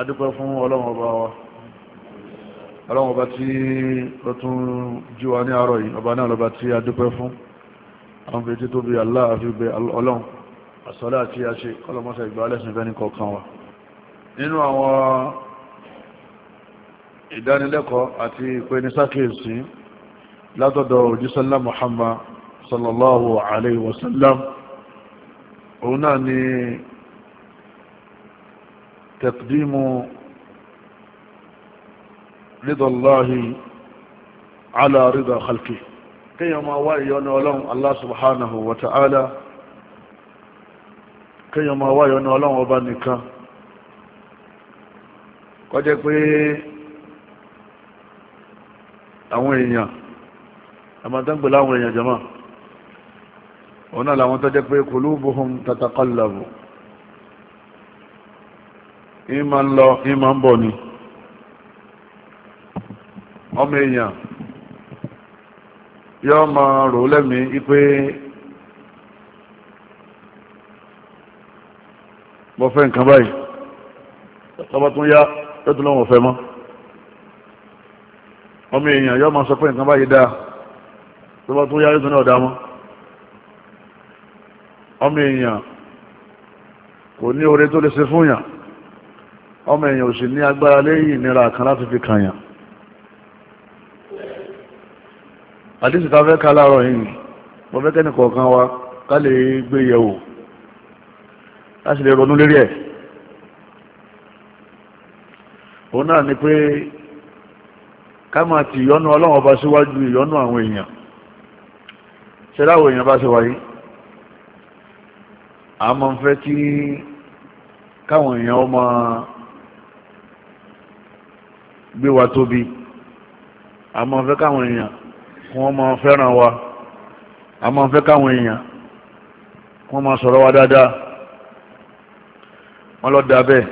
adúpẹ́ fún ọlọ́run ọba wa ọlọ́run ọba tí ó tún jí wa ní àárọ̀ yìí ọba náà lọ́ba tí adúpẹ́ fún àwọn fi tító bí aláàfin bẹ ọlọ́run àsọ́lá àti àṣe kọlọmọ́sẹ̀ ìgbà alẹ́sìn fẹ́ ní kọ̀ọ̀kan wa nínú àwọn ìdánilẹ́kọ̀ọ́ àti ìpẹnisákèsí látọ̀dọ̀ òjísọ́lá Muhammad sallallahu alaihi wasallam òun náà ni تقديم رضا الله على رضا خلقه كيما وايون ولون الله سبحانه وتعالى كيما وايون ولون وبانك kọjẹ́ pé àwọn èèyàn àmàtàǹgbè láwọn èèyàn jama ọ̀nà làwọn tọ́jẹ́ pé kulubuhum tataqallabu ìmọ̀ ń lọ ìmọ̀ ń bọ̀ ni ọmọ èèyàn yọ máa rò lẹ́mìí wípé mo fẹ́ nǹkan báyìí tọ́ba tún yá yóò tún lọ́wọ́ fẹ́ mọ́ ọmọ èèyàn yọ máa sọ pé nǹkan báyìí dáa tọ́ba tún yá yóò náà dáa mọ́ ọmọ èèyàn kò ní oore tó lè ṣe fún yàn ọmọ èèyàn ò sì ní agbára lẹ́yìn ìnira kan láti fi kàyàn àdísì ta fẹ́ ká láàárọ̀ yìí mo fẹ́ kẹ́nì kọ̀ọ̀kan wa ká lè gbé yẹ̀wò ká lè ronú lérí ẹ̀ òun náà ni pé ká máa ti ìyọ́nú ọlọ́run ọba síwájú ìyọ́nú àwọn èèyàn ṣe láwọn èèyàn bá ṣe wáyé àmọ́ ń fẹ́ kí káwọn èèyàn ó máa gbé wa tóbi a máa fẹ́ káwọn èèyàn kí wọ́n máa fẹ́ràn wa a máa fẹ́ káwọn èèyàn kí wọ́n máa sọ̀rọ̀ wa dáadáa wọ́n lọ da bẹ́ẹ̀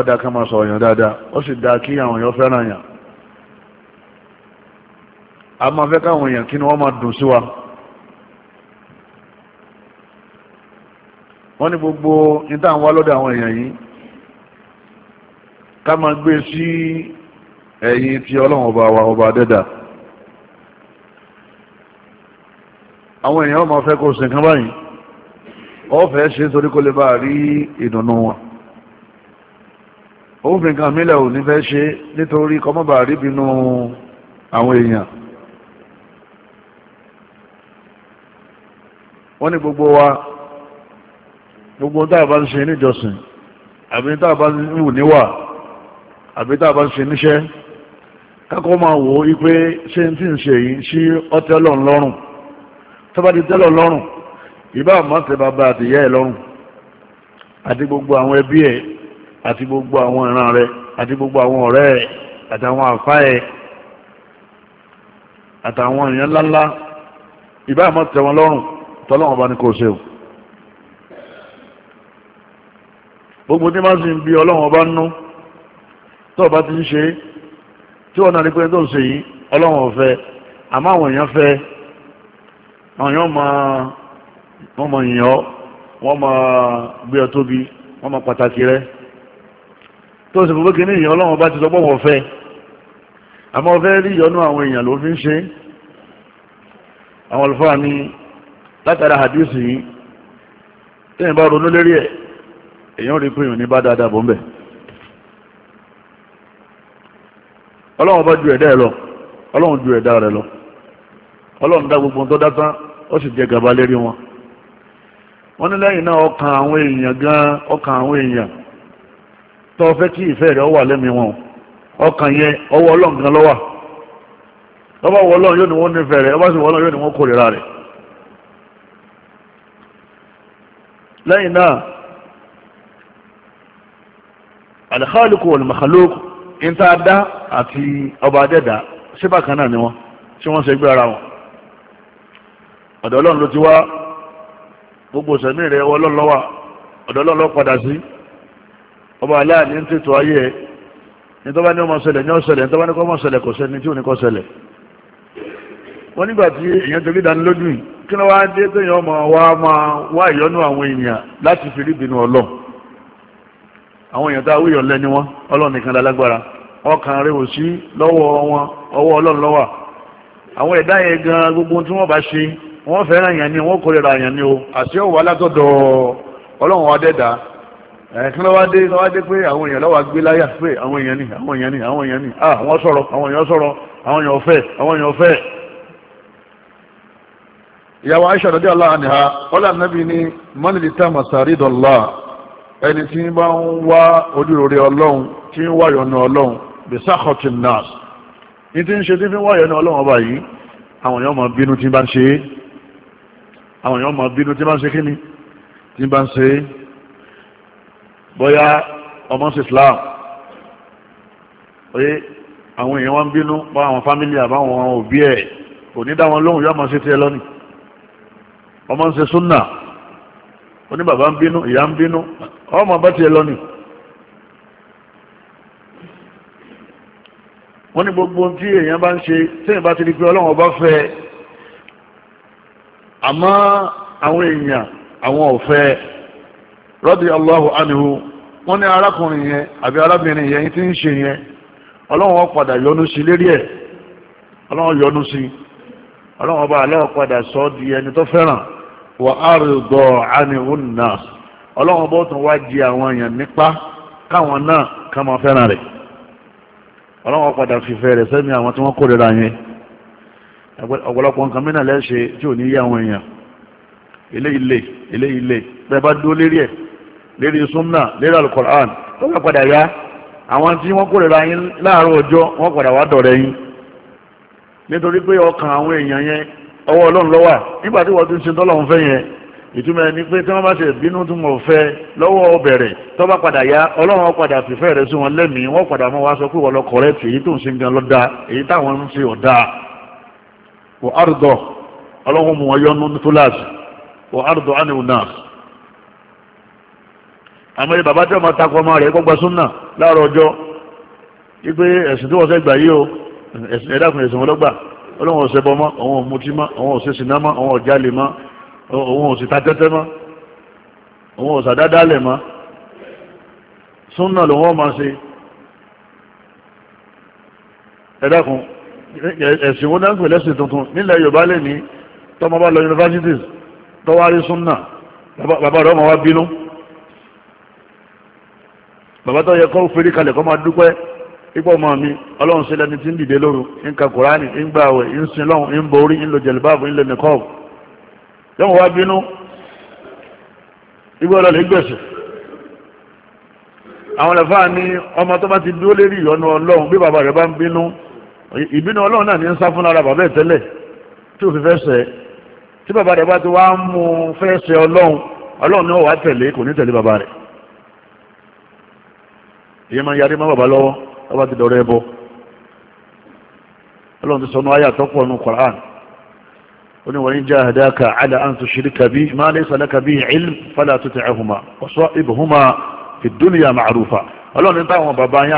ọ̀dà kan máa sọ̀rọ̀ yàn dáadáa ó sì da kí àwọn èèyàn fẹ́ràn yàn a máa fẹ́ káwọn èèyàn kí wọ́n máa dùn sí wa. wọ́n ní gbogbo ní táwọn wá lọ́dọ̀ àwọn èèyàn yìí ká máa gbé e sí. Si ẹ̀yin tí ọlọ́run ọba wa ọba dẹ́dà àwọn èèyàn máa fẹ́ kó sin kan báyìí ọ̀fẹ́ ṣe torí kó lè bá rí ìdùnnú wọn òfin kan mílẹ̀ ò ní fẹ́ ṣe nítorí kọ́mọ́bà rí bínú àwọn èèyàn wọ́n ní gbogbo wa gbogbo tá a bá ń ṣe níjọsìn àbí tá a bá ń wù níwà àbí tá a bá ń ṣe níṣẹ́ kákọ́ máa wò ó wípé ṣé n tí ń ṣe yìí ṣí ọtẹ́lọ̀ ńlọ́rùn tó bá ti tẹ́lọ̀ lọ́rùn ìbá àmọ́tẹ́ bàbá àtìyá ẹ̀ lọ́rùn àti gbogbo àwọn ẹbí ẹ̀ àti gbogbo àwọn ìran rẹ̀ àti gbogbo àwọn ọ̀rẹ́ ẹ̀ àtàwọn àfá ẹ̀ àtàwọn èèyàn ńláńlá ìbá àmọ́tẹ́ wọn lọ́rùn tọ́lọ́wọ́n bá ní kò ṣe o gbogbo tí máa ń sìn bí ọlọ́wọ́n nú tó ti ń ṣe é tí wọn náà rí pé tó ń ṣe yìí ọlọ́run ò fẹ́ àmọ́ àwọn èèyàn fẹ́ àwọn èèyàn máa wọ́n máa yàn ọ́ wọ́n máa gbé ọ tóbi wọ́n máa pàtàkì rẹ tó ń ṣe fòfé kìíní ìyẹn ọlọ́run bá ti sọ pé wọ́n fẹ́ àmọ́ ọ̀fẹ́ rí ìyọnú àwọn èèyàn ló fi ń ṣe àwọn olùfọ́à ni látara hadisi yìí tẹ́yìn bá ronú lérí ẹ̀ èèyàn rí pé ìrìn ní bá dáadáa bọ́ ń bẹ̀ ọlọ́run bá ju ẹ̀dá ẹ lọ ọlọ́run ju ẹ̀dá rẹ lọ ọlọ́run dá gbogbo tó dá tán ó sì jẹ gàba lérí wọn wọ́n ní lẹ́yìn náà ọkàn àwọn èèyàn gan ọkàn àwọn èèyàn tó fẹ́ kí ìfẹ́ wà wọn ọkàn yẹn ọwọ́ ọlọ́run gan lọ́wà ọba wọ ọlọ́run yóò ní wọ́n ọba sì wọ ọlọ́run yóò ní wọ́n lẹ́yìn náà níta dá àti ọba adẹ́dá síbàkan náà ni wọ́n tí wọ́n ṣe gbé ara wọn ọ̀dọ̀ ọlọ́run ló ti wá gbogbo sẹ̀mí rẹ̀ ọwọ́ ọlọ́run lọ́wọ́ ọ̀dọ̀ ọlọ́run ló padà sí ọba aláàní ń tètò ayé ẹ̀ ní tó bá ní ọmọ ṣẹlẹ̀ ní ọ̀ṣẹlẹ̀ ní tó bá ní kọ́mọ ṣẹlẹ̀ kò sẹ́ni tí ò ní kọ́ ṣẹlẹ̀ wọ́n nígbà tí èèyàn torí ìdánilójú yìí kí ló wá dé téèyàn ọmọ wa máa wá ìyọ́nú àwọn èèyàn láti fi rí ìbínú ọlọ́run àwọn èèyàn tá a ni lẹ́ni ọlọ́run nìkan lálágbára ọkàn rẹ̀ sí lọ́wọ́ wọn ọwọ́ ọlọ́run ló gbogbo tí wọ́n bá ṣe wọ́n fẹ́ràn ni o àti ọ̀wọ́ alátọ́dọ̀ ọlọ́run adẹ́dá ẹ̀kan lọ́wọ́ dé lọ́wọ́ dé pé àwọn èèyàn lọ́wọ́ gbé láyà pé àwọn èèyàn ni àwọn èèyàn ni àwọn èèyàn ni sọ̀rọ̀ àwọn èèyàn sọ̀rọ̀ àwọn masari dọ̀lá ẹni tí bá ń wá ojúrere ọlọ́run tí ń wáyọ̀ ní ọlọ́run the sakhotin nas ní tí ń ṣe tí fi ń wáyọ̀ ní ọlọ́run ọba yìí àwọn èèyàn máa bínú tí bá ń ṣe é àwọn èèyàn máa bínú tí bá ń ṣe kí ni tí bá ń ṣe é bóyá ọmọ sí Islam pé àwọn èèyàn wá ń bínú bá àwọn fámílì àbáwọn òbí ẹ̀ kò ní dá wọn lóhùn yóò máa ṣe tiẹ̀ lónìí ọmọ ń ṣe súnà oní bàbá ń bínú ìyá ń bínú ọmọ bá tiẹ̀ lọ ni wọ́n ní gbogbo tí èèyàn bá ń ṣe tẹ́yìn bá ti di pé ọlọ́run ọba fẹ́ àmọ́ àwọn èèyàn àwọn ọ̀fẹ́ rọ́bì Allahu anhu wọ́n ní arákùnrin yẹn àbí arábìnrin yẹn tí ń ṣe yẹn ọlọ́run ó padà yọ́nú sí lérí ẹ̀ ọlọ́run yọ́nú sí ọlọ́run ọba àlẹ́ ó padà sọ di ẹni tó fẹ́ràn wà á rí dọ̀ ánìhùn náà ọlọ́run bó tún wá jí àwọn èèyàn nípa káwọn náà ká máa fẹ́ràn rẹ̀ ọlọ́run padà fìfẹ́ rẹ̀ sẹ́mi àwọn tí wọ́n kórìíra yẹn ọ̀pọ̀lọpọ̀ nǹkan mìíràn lẹ́ṣẹ̀ tí ò ní yí àwọn èèyàn ilé ilé ilé ilé bẹ́ẹ̀ bá dúró lérí ẹ̀ lérí súnmọ́ lérí alukoran tó bá padà yá àwọn tí wọ́n kórìíra yín láàárọ̀ ọjọ́ wọ́n padà wá dọ̀rẹ́ yín nítorí pé ọkàn àwọn èèyàn yẹn ọwọ́ ọlọ́run lọ́wà nígbà tí wọ́n ti ń ṣe tọ́lọ́run fẹ́ yẹn ìtumọ̀ ẹni pé tí wọ́n bá ṣe bínú tí wọ́n fẹ́ lọ́wọ́ ọbẹ̀rẹ̀ tó bá padà yá ọlọ́run wọn padà fìfẹ́ rẹ̀ sí wọn lẹ́mìí wọ́n padà mọ́ wá sọ pé wọ́n lọ kọ̀rẹ́tì èyí tó ń ṣe gan lọ́dà èyí táwọn ń ṣe ọ̀dà wọ́n àrùdọ̀ ọlọ́run mú wọn yọnu fúláàsì wọ́n àrùdọ̀ ánìwò náà àmọ́ ẹ bàbá tí wọ́n máa takọ ọmọ rẹ̀ kọ́ gba súnà láàárọ̀ ọjọ́ wípé ẹ̀sìn ọlọ́wọ́n ọ̀sẹ̀ bọ́ mọ́ àwọn ọ̀mùtí mọ́ àwọn ọ̀sẹ̀ sìnà mọ́ àwọn ọ̀jálè mọ́ àwọn ọ̀sẹ̀ tatẹ́tẹ́ mọ́ àwọn ọ̀sà dádálẹ̀ mọ́ súnà ló wọ́n máa ṣe ẹ̀dákun ẹ̀sìn wọn náà ń pè lẹ́sìn tuntun nílẹ̀ Yorùbá lè ní tọ́mọ bá lọ universities tọ́wárí súnà bàbá rẹ̀ ọmọ wa bínú bàbá tó yẹ kó fèrè kalẹ̀ kó máa dúpẹ́ ipò ọmọ mi ọlọ́run ṣe lẹni tí ń dìde lóru ń ka kùránì ń gba àwẹ̀ ń sin lọ́hùn ń borí ń lo jẹ̀lúbáàbù ń lo nìkọ́ọ̀bù yóò wá bínú igbó ọlọ́ lè gbèsè àwọn ẹ̀fà ni ọmọ tó bá ti dúró lérí ìyọnu ọlọ́run bí bàbá rẹ̀ bá ń bínú ìbínú ọlọ́run náà ní ń sá fún ara bàbá ẹ̀ tẹ́lẹ̀ tí ò fi fẹ́ sẹ́ tí bàbá rẹ̀ bá ti wá mú fẹ́ sẹ́ ọlọ́run ọlọ́run ọba ti dọ̀rọ̀ ẹbọ ọlọ́run ti sọ ní ayà tọ́pọ̀ ní Qur'an ó ní wọ́n ń jẹ́ àdáka ala an tushrika bi ma laysa laka bihi ilm fala tuti'huma wa sahibhuma fi dunya ma'rufa ọlọ́run táwọn bàbá yín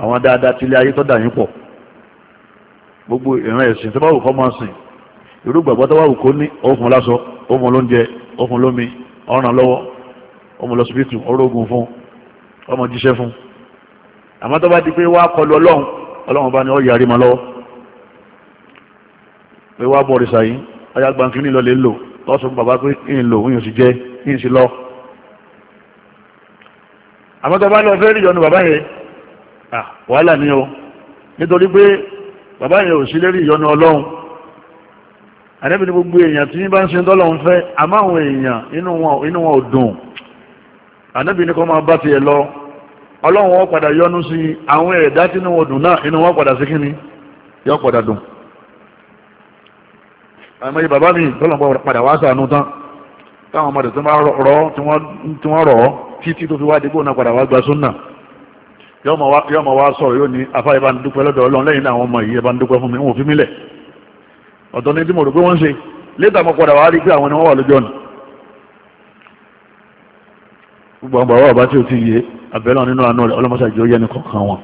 ọlọ́run ti gbogbo ìran ẹ̀sìn tó bá wù kọ́ máa sìn irú gbàgbọ́ tó wà wù kó ní òfun lásọ òfun lóúnjẹ òfun lómi ọ̀ràn lọ́wọ́ ọmọ lọ síbítù orógùn fún ọmọ jíṣẹ́ fún àmọ́ tó bá di pé wá kọlu ọlọ́run ọlọ́run bá ní ọ yàrí ma lọ́wọ́ pé wá bọ̀ òrìṣà yìí ọjà gbàǹkì ní ìlọlẹ̀ lò lọ́sùn bàbá pé ìyìn lò ìyìn sì jẹ́ ìyìn sì lọ àmọ́ tó bá lọ fẹ́ rí ìyọnu bàbá yẹn wàhálà ni o nítorí pé bàbá yẹn ò sí lérí ìyọnu ọlọ́run àrẹ́bì ní gbogbo èèyàn tí bá ń ṣe tọ́lọ̀ ń fẹ́ àmáhùn èèyàn inú wọn ò dùn àrẹ́bì ní kọ́ máa bá ti ẹ̀ lọ ọlọ́run wọn padà yọ́nú sí àwọn ẹ̀dá tí inú wọn dùn náà inú wọn padà sí kí ni yọ padà dùn àmọ́ yìí bàbá mi tọ́lọ̀ padà wá sànú tán táwọn ọmọdé tó máa rọ̀ tí wọ́n rọ̀ títí tó fi wá dé gbóná padà wá gba súnà yọ́mọ wá sọ̀rọ̀ yóò ní afáyébá ń ọ̀tọ̀ ní tí mo rò pé wọ́n ń ṣe létà mo padà wá rí pé àwọn ni wọ́n wà lójú ọ̀nà gbogbo àwọn bàbá bàbá tí o ti yé abẹ́lọ́ nínú àánú rẹ̀ ọlọ́mọṣà ìjọ yẹn ní kọ̀ọ̀kan wọn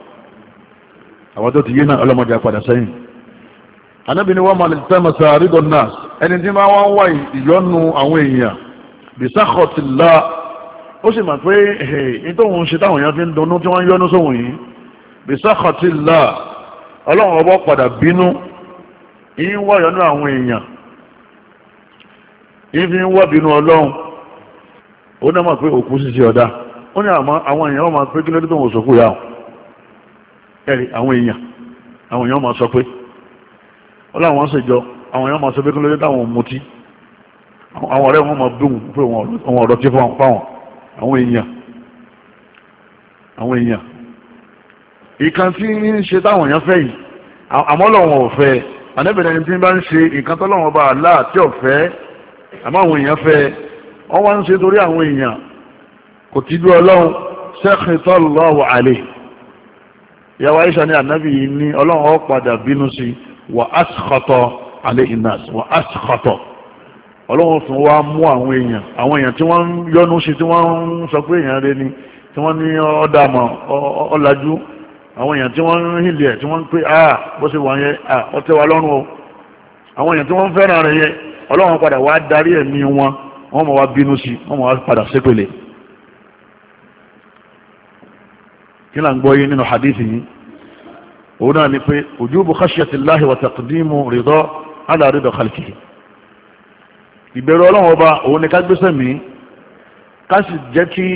àwọn tó ti yé náà ọlọ́mọdé apàdà sẹ́yìn anábì ni wọ́n máa lè tẹ́ mọ̀sá rídọ̀ náà ẹni tí máa wọ́n wá ìyọnu àwọn èèyàn bisáhọ̀tìlá ó sì máa pé ìtòhun ṣe táwọn èèyàn fi ń dunnú tí wọ́n ń sóhun yìí bisáhọ̀tìlá ọlọ́run ọbọ̀ padà bínú yìí ń wá yọnú àwọn èèyàn yìí fi ń wá bínú ọlọ́run ó náà mọ̀ pé òkú ṣíṣe ọ̀dá ó ní àwọn èèyàn máa pé kí ló dé tó wọn sọ fún ìyá wọn ẹ̀rí àwọn èèyàn àwọn èèyàn máa sọ pé ó láwọn ṣèjọ àwọn èèyàn máa sọ pé kí ló dé táwọn mutí àwọn ọ̀rẹ́ wọn máa bíhùn pé wọn ọ̀rọ̀ tí fáwọn àwọn èèyàn àwọn èèyàn ìkan tí ń ṣe táwọn èèyàn fẹ́ yìí àmọ́ lọ́wọ́n ò fẹ́ ẹ̀ ànábìrin ẹni tí ń bá ń ṣe nǹkan tọ́lọ́wọ́n bá Allah tí ò fẹ́ àmọ́ àwọn èèyàn fẹ́ wọ́n wá ń ṣe torí àwọn èèyàn kò tí dú ọlọ́run sakhitallahu alayhi ìyàwó Aisha ní ànábì yìí ní ọlọ́run ó padà bínú sí wa askhata alayhi nas wa askhata ọlọ́run fún wa mú àwọn èèyàn àwọn èèyàn tí wọ́n ń yọnu sí tí wọ́n ń sọ pé èèyàn rẹ ni tí wọ́n ní ọ̀dàmọ̀ ọ̀làjú àwọn èèyàn tí wọ́n ń hìlẹ̀ tí wọ́n ń pè á ah, bó ṣe wà yẹn ah, ó tẹ́ wa lọ́rùn o àwọn èèyàn tí wọ́n ń fẹ́ràn rẹ̀ yẹn ọlọ́run padà wá darí ẹ̀mí wọn wọ́n mọ̀ wá bínú sí wọ́n mọ̀ wá padà sépèlè kí là ń gbọ́ yín nínú hadithi yìí òun náà ni pé ojúbù khashiyati Allahi wa taqdimu rida ala rida khalqihi ìbẹ̀rù ọlọ́run ọba òun ni ká gbéṣẹ́ mi ká sì jẹ́ kí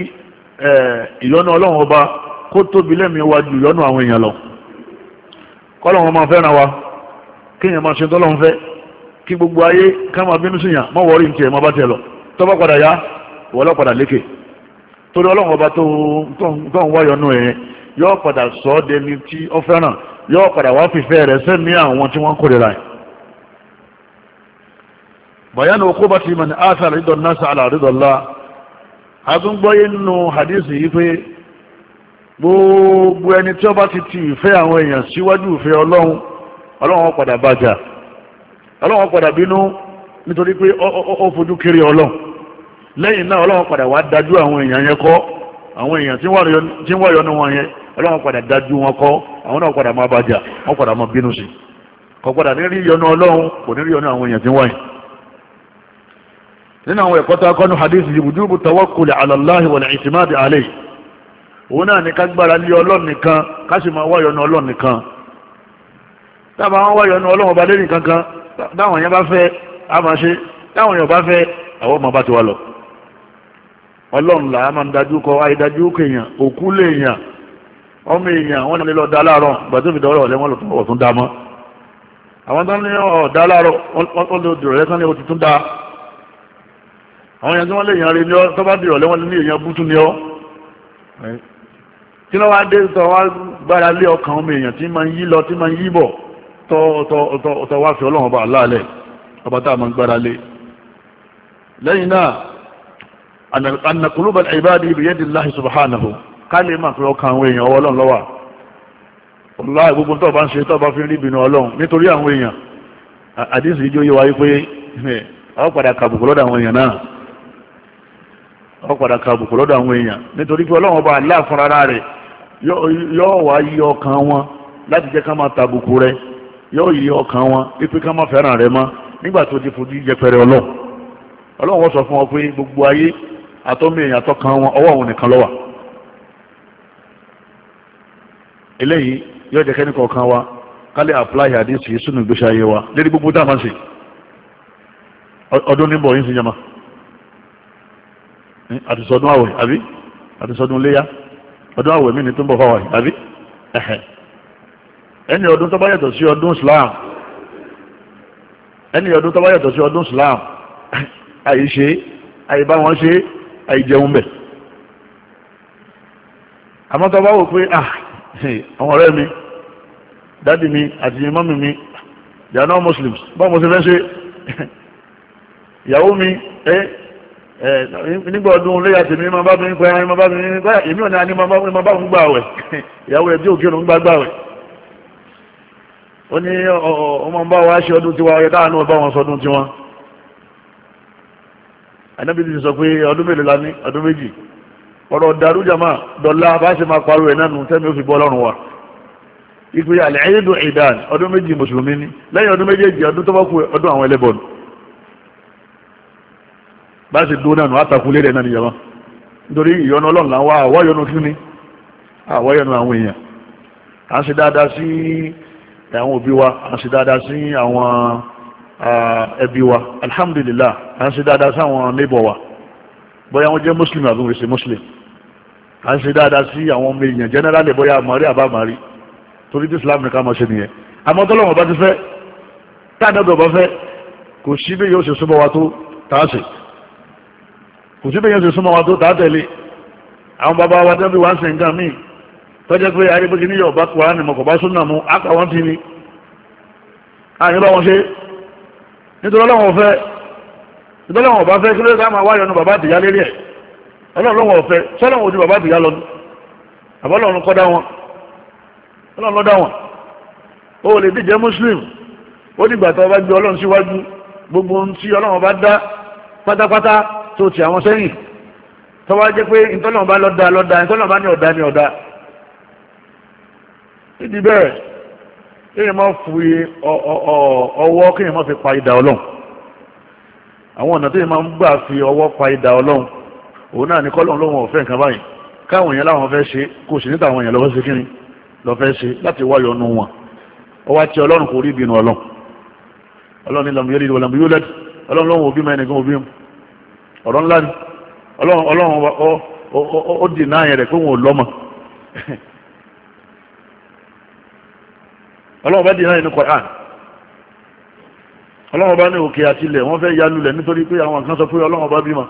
eh, ìyọ́nú ọlọ́run ọba kó tóbi lẹ́mìí wa jù yọnu àwọn èèyàn lọ kọ́lọ̀ wọn máa fẹ́ràn wa kéèyàn máa ṣe tọ́lọ́ ń fẹ́ kí gbogbo ayé ká máa bínú síyàn má wọrí ní tiẹ̀ má bá tiẹ̀ lọ tó bá padà yá wọ́n lọ padà lékè torí ọlọ́run ọba tó ń wá yọnu ẹ̀ yọ padà sọ ọ́ dẹni tí ọ fẹ́ràn yọ padà wá fìfẹ́ rẹ̀ sẹ́ni àwọn tí wọ́n kórìíra ẹ̀ bayanu okobati man athar ridon nasa ala ridon la a tún gbọ́yé nínú hadith yìí pé gbogbo ẹni tí ó bá ti ti ìfẹ́ àwọn èèyàn síwájú ìfẹ́ ọlọ́run ọlọ́run padà bàjá ọlọ́run padà bínú nítorí pé ó fojú kiri ọlọ́run lẹ́yìn náà ọlọ́run padà wá dájú àwọn èèyàn yẹn kọ́ àwọn èèyàn tí wọn yẹn ọlọ́run padà dájú wọn kọ́ àwọn náà padà máa bàjá padà máa bínú sí kò padà ní rí ala òun náà ní kágbára lé ọlọ́run nìkan ká sì máa wáyọ̀ nu ọlọ́run nìkan táwọn àwọn wáyọ̀ nu ọlọ́run ọba lé nìkan kan táwọn yẹn bá fẹ́ a máa ṣe táwọn yẹn bá fẹ́ àwọn ọmọ bá ti wà lọ. ọlọ́run là á máa ń dájú kọ àìdájú kò èèyàn òkú lè èèyàn ọmọ èèyàn wọn lè lọ da láàárọ̀ gbàtó fi dọ́rọ̀ ọ̀lẹ́ wọn lọ tún ọ̀tún mọ́ àwọn tó ń ní ọ̀dá láàárọ̀ wọn lè dìrọ̀lẹ́ kan ní o ti tún dá àwọn yẹn tí wọ́n lè yàn rí ni ọ́ tó bá dìrọ̀lẹ́ wọn ní èèyàn bútú ni ọ́ kí ló wá dé tọ́ wá gbára lé ọkàn ọmọ èèyàn tí ma ń yí lọ tí ma ń yí bọ̀ tọ́ wá fi ọlọ́run ọba aláàlẹ̀ ọba tá a máa ń gbára lé lẹ́yìn náà ànàkùlùbà ìbáàdì bi yadillahi subhanahu ká lè máa fi ọkàn àwọn èèyàn ọwọ́ lọ́wà gbogbo bá ń ṣe bá fi rí ọlọ́run nítorí àwọn èèyàn ìjọ ọ padà lọ́dọ̀ àwọn èèyàn náà ọ padà lọ́dọ̀ àwọn èèyàn yóò wá yí ọkàn wọn láti jẹ́ ká máa tàbùkù rẹ yóò yí ọkàn wọn wípé ká máa fẹ́ràn rẹ mọ́ nígbà tó ti fojú jẹpẹrẹ ọlọ́run ọlọ́run wọ́n sọ fún ọ pé gbogbo ayé àtọ́mọ èèyàn àtọ́kàn wọn ọwọ́ òun nìkan ló wà eléyìí yóò jẹ́ kẹ́ni kọ̀ọ̀kan wa ká lè apply àdéhùn sínú ìgbésí ayé wa lérí gbogbo dáhùn máa ń sè ọdún níbọ̀ yín sí jama àtisọdún àwẹ̀ àbí àtisọdún léyà ọdún àwẹ̀ mi ni tó ń bọ̀ fáwọn yìí àbí ẹni ọdún tó bá yàtọ̀ sí ọdún Islam ẹni ọdún tó bá yàtọ̀ sí ọdún Islam àìṣe àìbá wọn ṣe àìjẹun bẹ̀ àmọ́ tó bá wò pé ah, àwọn ọ̀rẹ́ mi dádì mi àti mọ́mì mi they are not Muslims báwo mo ṣe fẹ́ ṣe ìyàwó mi ẹ́ nígbà ọdún léyà tèmi ma bá mi pẹ́ ma bá mi ní kọ́yà èmi ò ní àní ma bá mi gbà wẹ̀ ìyàwó rẹ̀ bí òkè òun gbà gbà wẹ̀ ó ní ọmọ bá wa ṣe ọdún tiwa ọyẹ dáhà náà wọn sọ ọdún tiwọn sọ pé ọdún mélòó la ní ọdún méjì ọ̀rọ̀ jama bá ṣe máa parọ́ ẹ̀ náà nù ó fi bọ́ wa ìpè bá sì dúró náà nù àtàkùn lédè náà nìyẹn wọn nítorí ìyọnu ọlọ́run làwọn àwọ̀ yọnu kí ni àwọ̀ yọnu àwọn èèyàn à ń ṣe dáadáa sí àwọn òbí wa à ń ṣe dáadáa sí àwọn ẹbí wa alhamdulillah à ń ṣe dáadáa sí àwọn neighbor wa bóyá wọ́n jẹ́ muslim àbí wọ́n ṣe muslim à ń ṣe dáadáa sí àwọn ọmọ èèyàn generally bóyá àmọ́rí àbámọ́rí torí tí islam nìkan mọ̀ ṣe nìyẹn àmọ́ tọ́lọ́wọ́n bá ti fẹ́ táà náà bá fẹ́ kò sí yóò ṣe súnmọ́ wa tó tàá sí kò sí bẹ́yẹn sì súnmọ́ wa tó tàá tẹ̀lé àwọn bàbá wa tẹ́bí wá ń sìn nǹkan míì tọ́jẹ́ pé arígbégi ní yọ̀ọ̀bá kura ni mọ̀kọ̀ bá súnà mú àpà wọn ti ni àyìn bá wọn ṣe nítorí ọlọ́wọ̀n fẹ́ nítorí ọlọ́wọ̀n bá fẹ́ kí ló dá máa wáyọ̀ nu bàbá àtìyá lérí ẹ̀ ọlọ́wọ̀n fẹ́ sọ́lọ́wọ̀n ojú bàbá àtìyá lọ àbọ́lọ́run kọ́ dá wọn ọlọ́run ló dá wọn ó lè díjẹ́ muslim ó dìgbà tó bá gbé ọlọ́run síwájú gbogbo ohun tí ọlọ́run bá dá pátápátá tó ti àwọn sẹ́yìn tó wá jẹ́ pé ìtọ́nà bá lọ́dà lọ́dà ìtọ́nà bá ní ọ̀dà ní ọ̀dà nídìí bẹ́ẹ̀ kéèyàn máa fi ọwọ́ kéèyàn máa fi pa idà ọlọ́run àwọn ọ̀nà tó yẹ máa ń gbà fi ọwọ́ pa idà ọlọ́run òun náà ní kọ́lọ́run lóhun ọ̀fẹ́ nǹkan báyìí káwọn èèyàn láwọn fẹ́ ṣe kò sì níta àwọn èèyàn lọ́fẹ́ ṣe kíni lọ́fẹ́ ṣe láti wáyọ̀ ọ̀nù wọn ọwọ́ àti ọlọ́run kò rí ìbínú ọlọ́run ọlọ́run ní lọ́mú yẹ́lẹ́dì wọ́n yóò lẹ́dì ọlọ́run lóhun òbí mẹ́rin gan òbí mu ọ̀rọ̀ ńlá ni ọlọ́run ó dì náà yẹn rẹ̀ pé wọn ò lọ́mọ ọlọ́run bá dì náà yẹn ní Qur'an ọlọ́run bá ní òkè àti ilẹ̀ wọ́n fẹ́ ya lulẹ̀ nítorí pé àwọn kan sọ pé ọlọ́run bá bímọ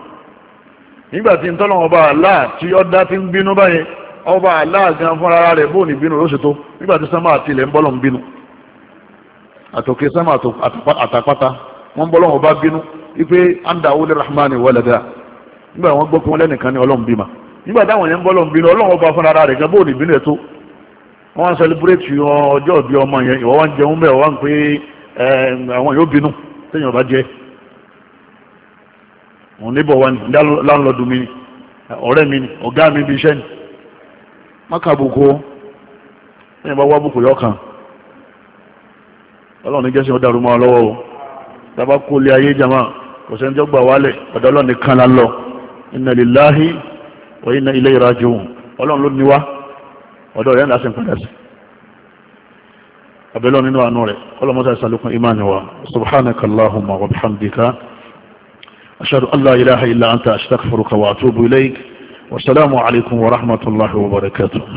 nígbà tí ntọ́lọ́run bá Allah tí ọ̀dá ti ń bínú báyẹn ọba Allah gan fúnra rẹ̀ bóun ní bínú ló ṣètò nígbà tí sánmà àti ilẹ̀ ń bọ́lọ̀ ń bínú àtòkè sánmà àtàpátá wọ́n ń bọ́lọ̀ ọba bínú ife anda awolé rahman walada nígbà wọn gbọ́ pé wọn lẹ́nìkan ní ọlọ́run bímọ nígbà táwọn yẹn ń bọ́ ọlọ́run bínú ọlọ́run ọba fúnra ara rẹ̀ gan bóun ìbínú ẹ̀ tó wọ́n sẹlẹ̀búrẹ́tì ọjọ́ ìbí ọmọ yẹn ìwọ́n wọn jẹun bẹ́ẹ̀ wọ́n pé àwọn yóò bínú téèyàn bá jẹ́ òun níbọ̀ láńlọ́dù mi ni ọ̀rẹ́ mi mi bí iṣẹ́ ni mákàbùkù bá wá bùkù yọkàn kò sẹ́ńtẹ́ gbà wálẹ̀ ọ̀dọ̀ ọlọ́run nìkan la lọ inna lillahi wa inna ilayhi raji'un ọlọ́run ló ní wá ọ̀dọ̀ rẹ̀ ńlá sí padà sí abẹ́lọ́ nínú àánú rẹ̀ ọlọ́mọta ìsàlùkùn imáni wa subhanaka allahumma wa bihamdika ashhadu an la ilaha illa anta astaghfiruka wa atubu ilayk wa alaykum wa rahmatullahi wa barakatuh